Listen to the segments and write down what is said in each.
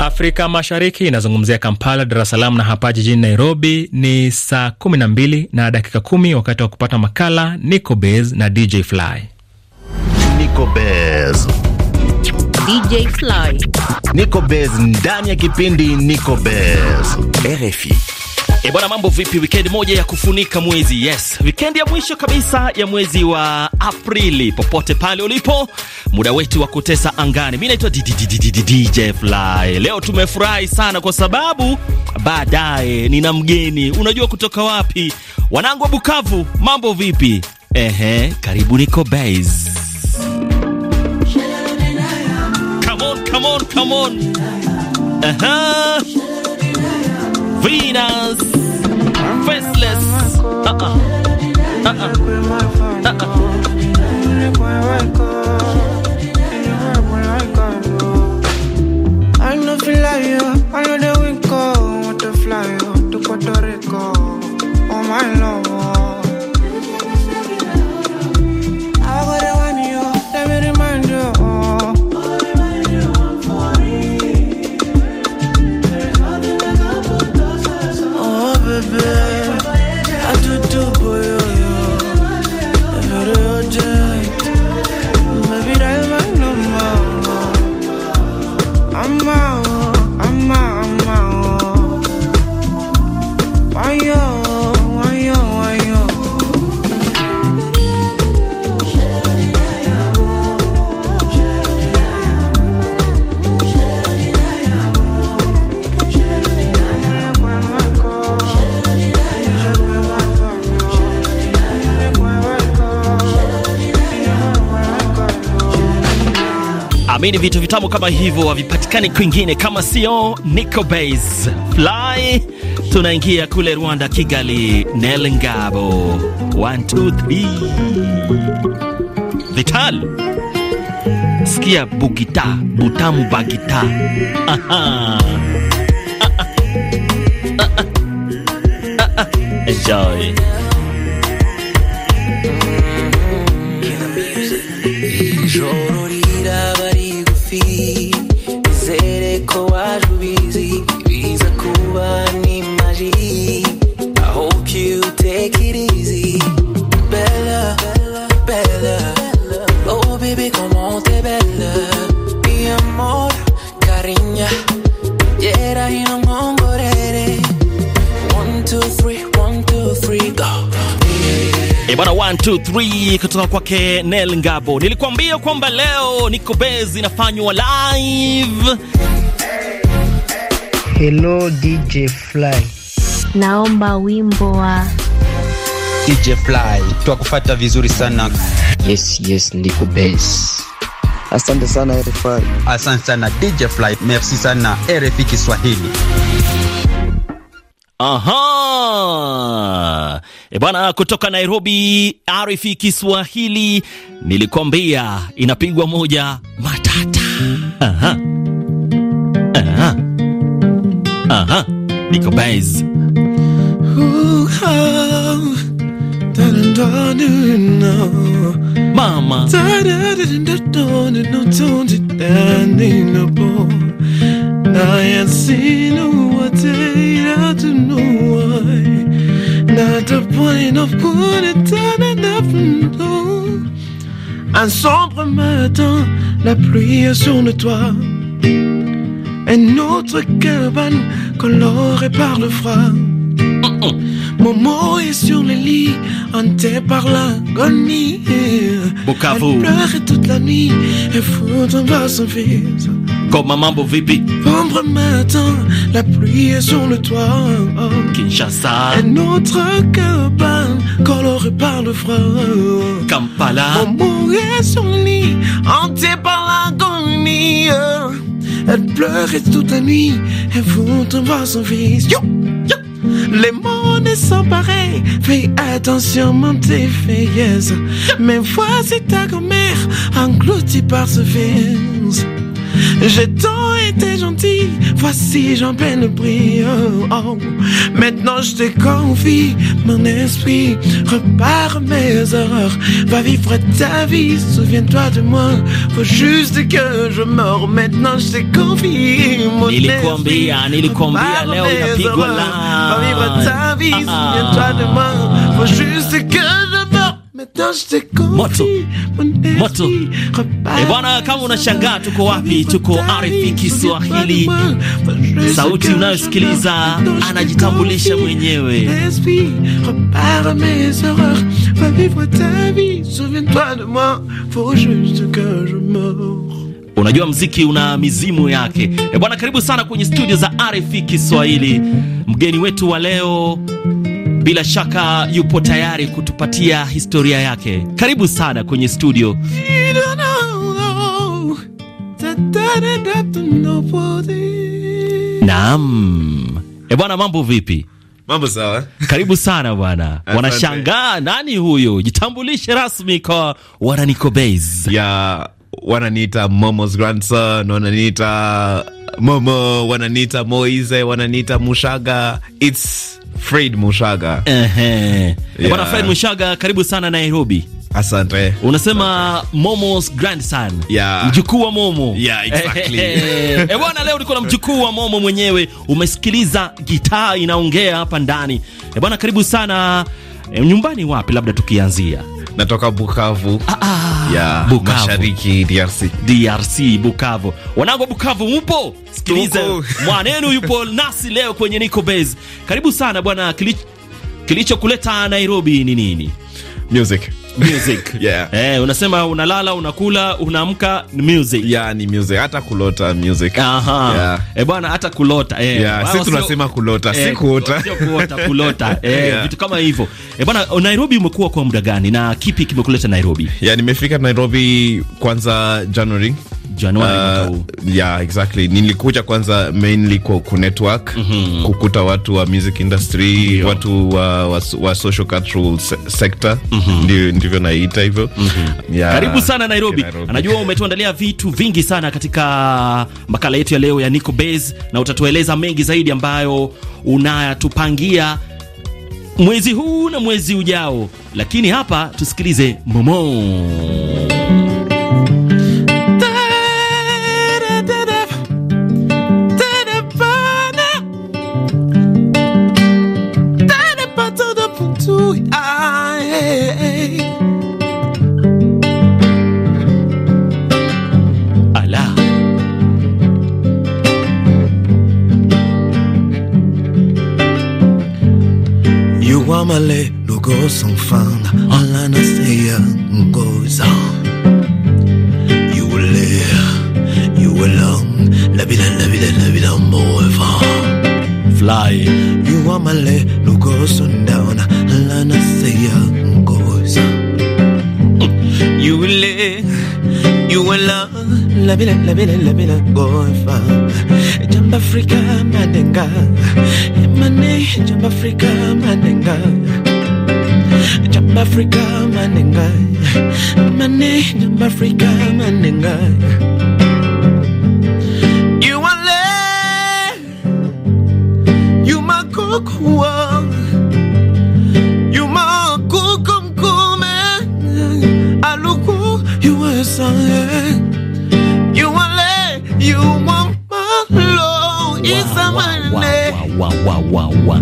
Afrika Mashariki inazungumzia Kampala, Dar es Salaam na hapa jijini Nairobi ni saa kumi na mbili na dakika kumi wakati wa kupata makala Nico Bez na DJ Fly. Nico Bez. DJ Fly. Nico Bez ndani ya kipindi Nico Bez. RFI. E bwana, mambo vipi? Weekend moja ya kufunika mwezi, yes, weekend ya mwisho kabisa ya mwezi wa Aprili. Popote pale ulipo, muda wetu wa kutesa angani. Mimi naitwa DJ Fly. Leo tumefurahi sana kwa sababu baadaye nina mgeni. Unajua kutoka wapi? Wanangu wa Bukavu, mambo vipi? Ehe, karibu niko base. Come on, come on, come on. Aha. Venus. Faceless. Uh-uh. Uh-uh. I know feel like you. I know to fly to Puerto Rico. Oh my lord. Naamini vitu vitamu kama hivyo havipatikani kwingine kama sio Nico Base Fly. Tunaingia kule Rwanda, Kigali. Nel Ngabo Vital sikia bugita butamu bagita enjoy enjoy 123 kutoka kwake Nel Ngabo. Nilikuambia kwamba leo niko bezi inafanywa live. Hello DJ Fly, naomba wimbo wa DJ Fly, twakufata vizuri sana. Yes, yes, niko bezi. Asante sana RFI. Asante sana DJ Fly. Merci sana RFI Kiswahili. Aha. E bwana, kutoka Nairobi, RF Kiswahili, nilikwambia inapigwa moja matata. Aha. Aha. Aha. Niko base. Mama. Un sombre matin, la pluie sur le toit. Un autre cabane colorée par le froid. Momo est sur le lit, hanté par l'agonie. Elle pleure toute la nuit et fout un son fils. Comme maman Bovipi novembre matin, la pluie est sur le toit. Kinshasa, et autre cabane coloré par le froid. Kampala, on mourait sur le lit, hanté par l'agonie. Elle pleurait toute la nuit, elle voulait voir son fils. Les mots ne sont pareils, fais attention mon défaillesse Mais voici ta grand-mère engloutie par ce fils. J'ai tant été gentil, voici j'en peine le oh, oh. Maintenant je te confie mon esprit, repars mes horreurs, va vivre ta vie, souviens-toi de moi. Faut juste que je meurs, maintenant je te confie mon esprit. Repars mes va vivre ta vie, ah, ah, ah. souviens-toi de moi. Faut juste que je meurs. moto moto. E bwana, kama unashangaa tuko wapi, tuko RFI Kiswahili. Sauti unayosikiliza anajitambulisha mwenyewe. Unajua mziki una mizimu yake. E bwana, karibu sana kwenye studio za RFI Kiswahili. Mgeni wetu wa leo bila shaka yupo tayari kutupatia historia yake. Karibu sana kwenye studio. Naam, e bwana, mambo vipi? Mambo sawa. Karibu sana bwana. Wanashangaa nani huyu? Jitambulishe rasmi kwa Wananiko Bays. Ya wananiita Momo's grandson, wananiita Momo, wananiita moise, wananiita Mushaga. It's Fred Mushaga. Ehe. Yeah. Bwana Fred Mushaga, karibu sana Nairobi. Asante. Unasema Momo's grandson. Yeah. Mjukuu wa Momo. Yeah, exactly. Eh bwana, leo niko na mjukuu wa Momo mwenyewe. Umesikiliza gitaa inaongea hapa ndani. Eh bwana, karibu sana. E, nyumbani wapi labda tukianzia? Natoka Bukavu. Ah, ah, ya Bukavu. Mashariki DRC. DRC Bukavu. Wanangu Bukavu mupo? Sikiliza. Mwanenu yupo nasi leo kwenye Niko Base. Karibu sana bwana, kilichokuleta kilicho Nairobi ni nini? Music music. yeah. Eh, unasema unalala, unakula, unaamka ni music. Yeah, ni music. Hata kulota music. Aha. Yeah. Eh, bwana hata kulota. Eh. Yeah, tunasema kulota, si eh, kuota. Sio kuota, kulota. Eh, yeah. Vitu kama hivyo. Eh, bwana Nairobi umekuwa kwa muda gani na kipi kimekuleta Nairobi? Yeah, nimefika Nairobi kwanza January Januari. Uh, yeah, exactly. Nilikuja kwanza mainly kwa ku network mm -hmm. kukuta watu wa music industry -hmm. watu wa, wa, wa social cultural se sector mm -hmm. ndivyo, ndivyo naita hivyo mm -hmm. yeah. Karibu sana Nairobi. Nairobi. Anajua umetuandalia vitu vingi sana katika makala yetu ya leo ya Nico Base, na utatueleza mengi zaidi ambayo unatupangia mwezi huu na mwezi ujao, lakini hapa tusikilize Momo. goes sans fin, all an ocean goes on. You will live, you will long, la vida, la vida, la vida forever. Fly, you are my lay, Look, go on down, all an ocean goes on. You will live, you will long, la vida, la vida, la vida forever. Jump Africa, Madenga, Emane, Jump Africa, Madenga. Africa manengai mane Africa manengai You are le You ma kokwa You ma kokumkume Aluku you are sang You are le you want my low is a man Wow wow wow wow wow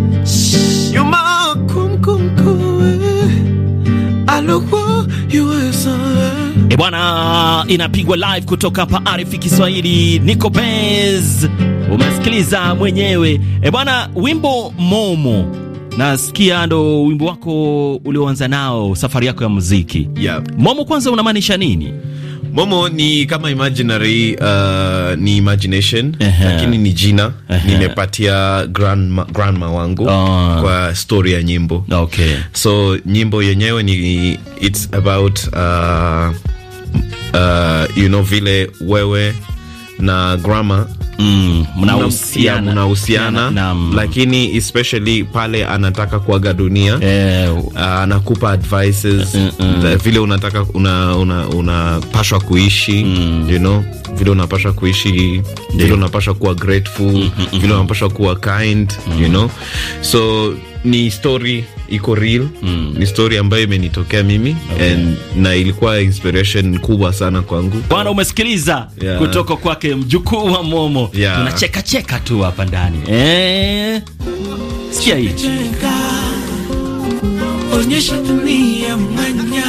You ma kum kum kum Eh. E bwana, inapigwa live kutoka hapa Arifi Kiswahili. Niko Bez, umesikiliza mwenyewe. E bwana, wimbo Momo nasikia ndo wimbo wako ulioanza nao safari yako ya muziki. Yep. Momo, kwanza unamaanisha nini? Momo ni kama imaginary, uh, ni imagination uh -huh. Lakini ni jina uh -huh. Nimepatia grandma, grandma wangu -huh. Ah. Kwa story ya nyimbo okay. So nyimbo yenyewe ni it's about uh, uh, you know vile wewe na grandma mm, mnahusiana mnahusiana, lakini especially pale anataka kuaga dunia yeah. Eh, uh, anakupa advices mm -mm. Eh, vile unataka unapashwa una, una kuishi mm. you know vile unapashwa kuishi yeah. vile unapashwa kuwa grateful mm -hmm. vile mm. unapashwa kuwa kind mm -hmm. you know so ni story iko real mm. Ni story ambayo imenitokea mimi okay. And, na ilikuwa inspiration kubwa sana kwangu bwana. Umesikiliza yeah. Kutoka kwake mjukuu wa Momo yeah. Tunacheka cheka tu hapa ndani eh? sikia hii onyesha dunia mwanya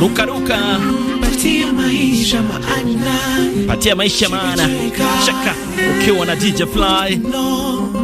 ruka patia maisha maana, patia maisha maana. Cheka ukiwa na DJ Fly no.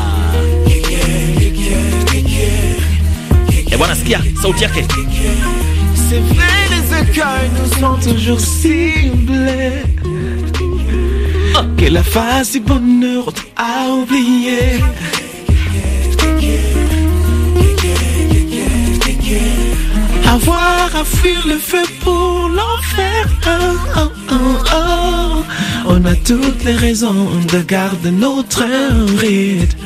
au C'est vrai, les écueils nous sont toujours ciblés. Que la face du bonheur a oublié. Avoir à fuir le feu pour l'enfer. On a toutes les raisons de garder notre rythme.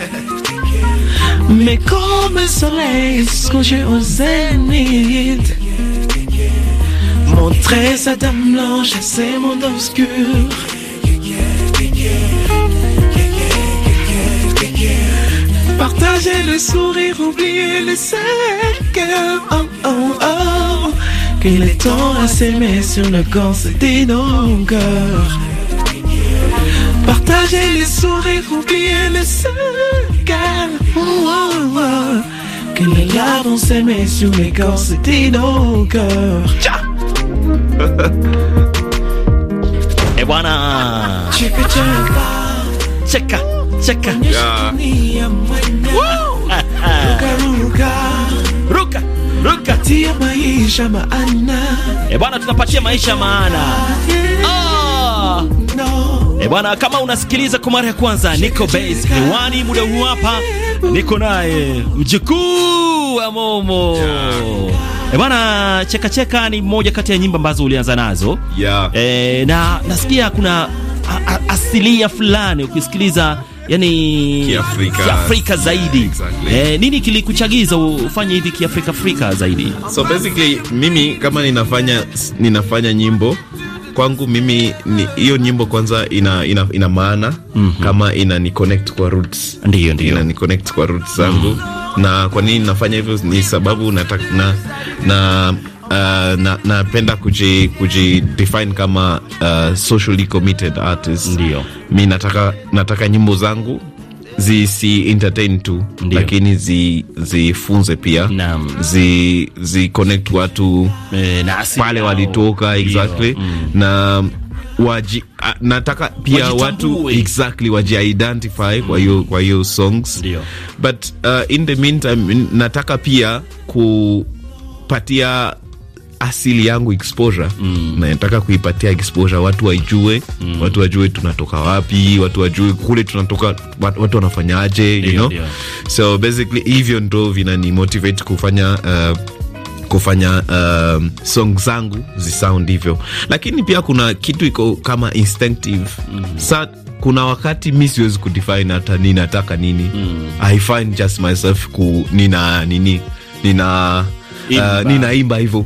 Mais comme le soleil couché au zénith Montrer sa dame blanche c'est mon mondes obscurs Partager le sourire, oublier le cœur oh, oh, oh. Qu'il est temps à s'aimer sur le corps, c'était nos cœurs Partager le sourire, oublier le cœur cœur. Oh, oh, oh. Que mes larmes se met sur mes corps, c'était nos cœurs. Et voilà. Cheka, cheka. Cheka, yeah. Ruka, ruka. Ruka, ruka. n'as pas tia maisha maana oh. E bwana, kama unasikiliza kwa mara ya kwanza, niko base hewani muda huu hapa, niko naye mjukuu wa Momo E bwana, cheka cheka ni moja kati ya nyimbo ambazo ulianza nazo yeah. E, na nasikia kuna asilia fulani ukisikiliza, yani Kiafrika, Kiafrika zaidi exactly. E, nini kilikuchagiza ufanye hivi Kiafrika Afrika zaidi? So basically mimi kama ninafanya ninafanya nyimbo kwangu mimi hiyo nyimbo kwanza ina, ina, ina maana mm -hmm. kama ina ni connect kwa roots, ndio ndio ina ni connect kwa roots zangu mm -hmm. na kwa nini nafanya hivyo ni sababu nataka na, na Uh, na napenda kuji, kuji define kama uh, socially committed artist. Ndio. Mi nataka nataka nyimbo zangu zisi entertain tu Ndiyo. Lakini zifunze zi pia zi, zi watu e, na pale walitoka exactly mm. na waji, a, nataka pia watu exactly wajiidentify mm. kwa hiyo kwa hiyo songs Ndiyo. But uh, in the meantime nataka pia kupatia asili yangu exposure mm. nataka kuipatia exposure, watu waijue mm. watu wajue tunatoka wapi, watu wajue kule tunatoka, watu wanafanyaje, you know yeah. So basically hivyo ndo vinani motivate kufanya uh, kufanya um, song zangu zisound hivyo, lakini pia kuna kitu iko kama instinctive mm. -hmm. Sa, kuna wakati mi siwezi kudefine hata nini nataka nini mm. -hmm. I find just myself ku nina nini nina uh, nina imba hivyo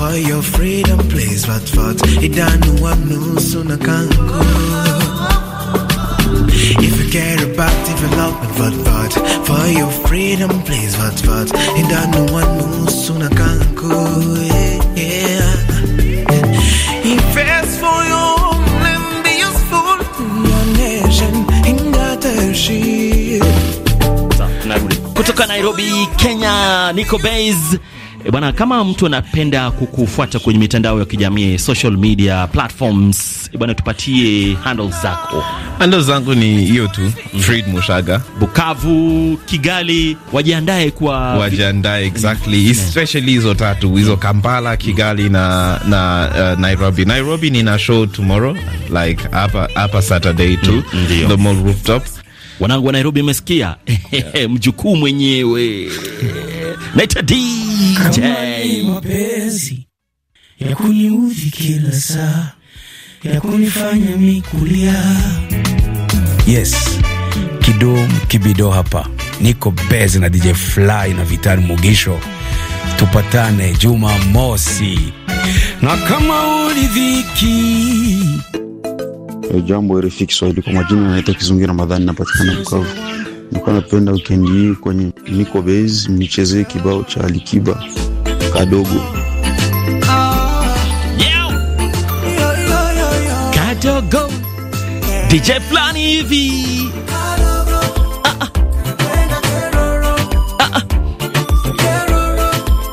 for your freedom, please. But what? It done no one can go. If you care about development, what what? For your freedom, please. But what? It done no one can go. Yeah, Invest for your homeland, be useful to your nation in that she. Kutoka Nairobi, Kenya, Nico Bays. E Bwana, kama mtu anapenda kukufuata kwenye mitandao ya kijamii, social media platforms, e bwana, tupatie handles zako. Handles zangu ni hiyo tu, mm. Fred Mushaga. Bukavu, Kigali, wajiandae kwa wajiandae mm. exactly, mm. especially hizo tatu hizo, Kampala, Kigali na na uh, Nairobi. Nairobi nina show tomorrow like hapa hapa Saturday tu, mm, the mall rooftop. Wanangu wa Nairobi, umesikia? yeah. mjukuu mwenyewe naita DJ mapenzi ya kuniudhi kila saa ya kunifanya mikulia. Yes, Kido Kibido hapa niko bezi na DJ Fly na Vitali Mugisho, tupatane Juma Mosi na kama ulidhiki. Jambo, RFI Kiswahili, kwa majina naita Kizungi Ramadhani, napatikana Bukavu. Nilikuwa napenda weekend hii kwenye niko base nichezee kibao cha Alikiba kadogo kadogo DJ flani hivi ah, ah.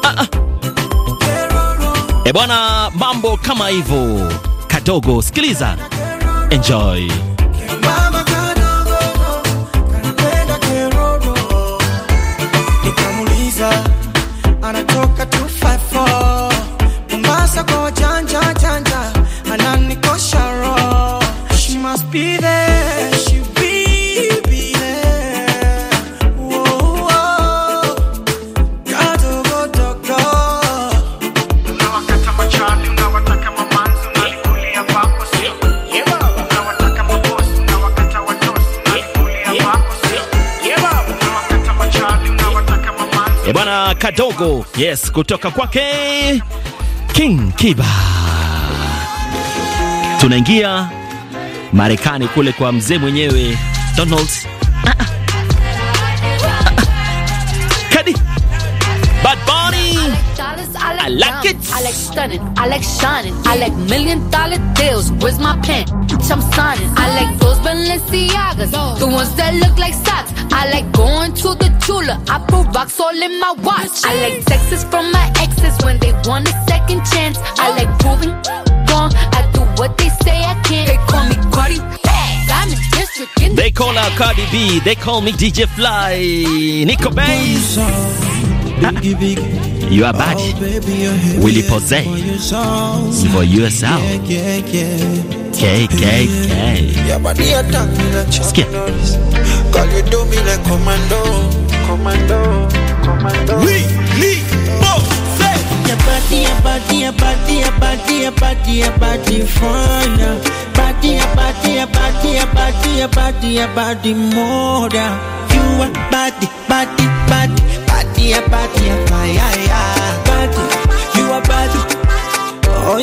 ah, ebwana, eh, mambo kama hivyo kadogo. Sikiliza, enjoy. on a tour kidogo. Yes, kutoka kwake King Kiba. Tunaingia Marekani kule kwa mzee mwenyewe Donald. Kadi. Bad Bunny. I like it. I like stunning. I like shining. I like million dollar deals. Where's my pen? bitch, I'm signing. I like those Balenciagas, the ones that look like socks. I like going to the Tula. I put rocks all in my watch. I like sexes from my exes when they want a second chance. I like proving wrong. I do what they say I can't. They call me Cardi. they call out Cardi B. They call me DJ Fly. Nico Bass. You are bad. Willy Posey. Nivyo USL. KKK. Sikia. Call you do me like commando. Commando. Commando. Willy Posey. Your body, your body, your body, your body, your body, your body, fun. Body, your body, your body, your body, your body, your body, more. You are body, body, body you're fire, yeah. you bad. Oh,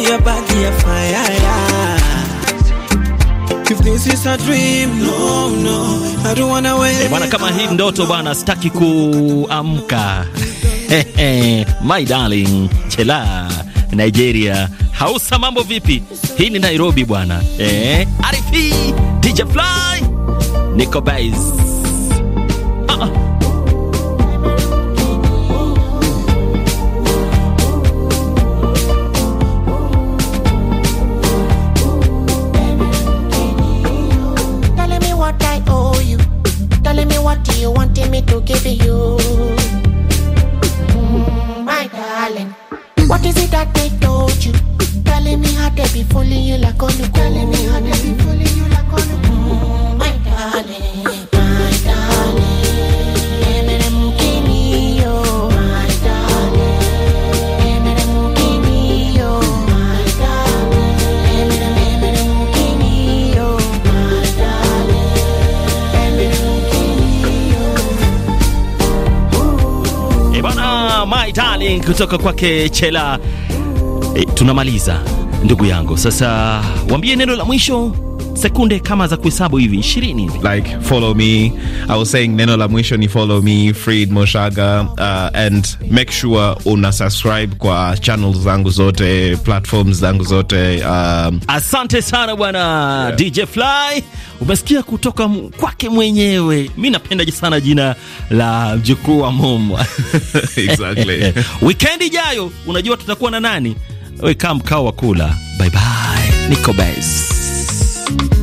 fire, yeah. If this is a dream, no, no, I don't wanna wait. Hey, eh, bwana kama hii ndoto bwana, sitaki kuamka. Eh, eh, my darling, chela Nigeria. Hausa mambo vipi? Hii ni Nairobi bwana. Eh, Arifi, DJ Fly, Nico Bass. kutoka kwake Chela. E, tunamaliza ndugu yangu, sasa wambie neno la mwisho sekunde kama za kuhesabu hivi 20 hivi. Like follow me. I was saying neno la mwisho ni follow me Fred Moshaga, uh, and make sure una subscribe kwa channels zangu zote, platforms zangu zote. Um, asante sana bwana yeah. DJ Fly umesikia kutoka kwake mwenyewe. Mi napenda sana jina la mjukuu wa momwa exactly. Wikendi ijayo unajua tutakuwa na nani? Wewe kaa mkao wa kula. Bye bye. you.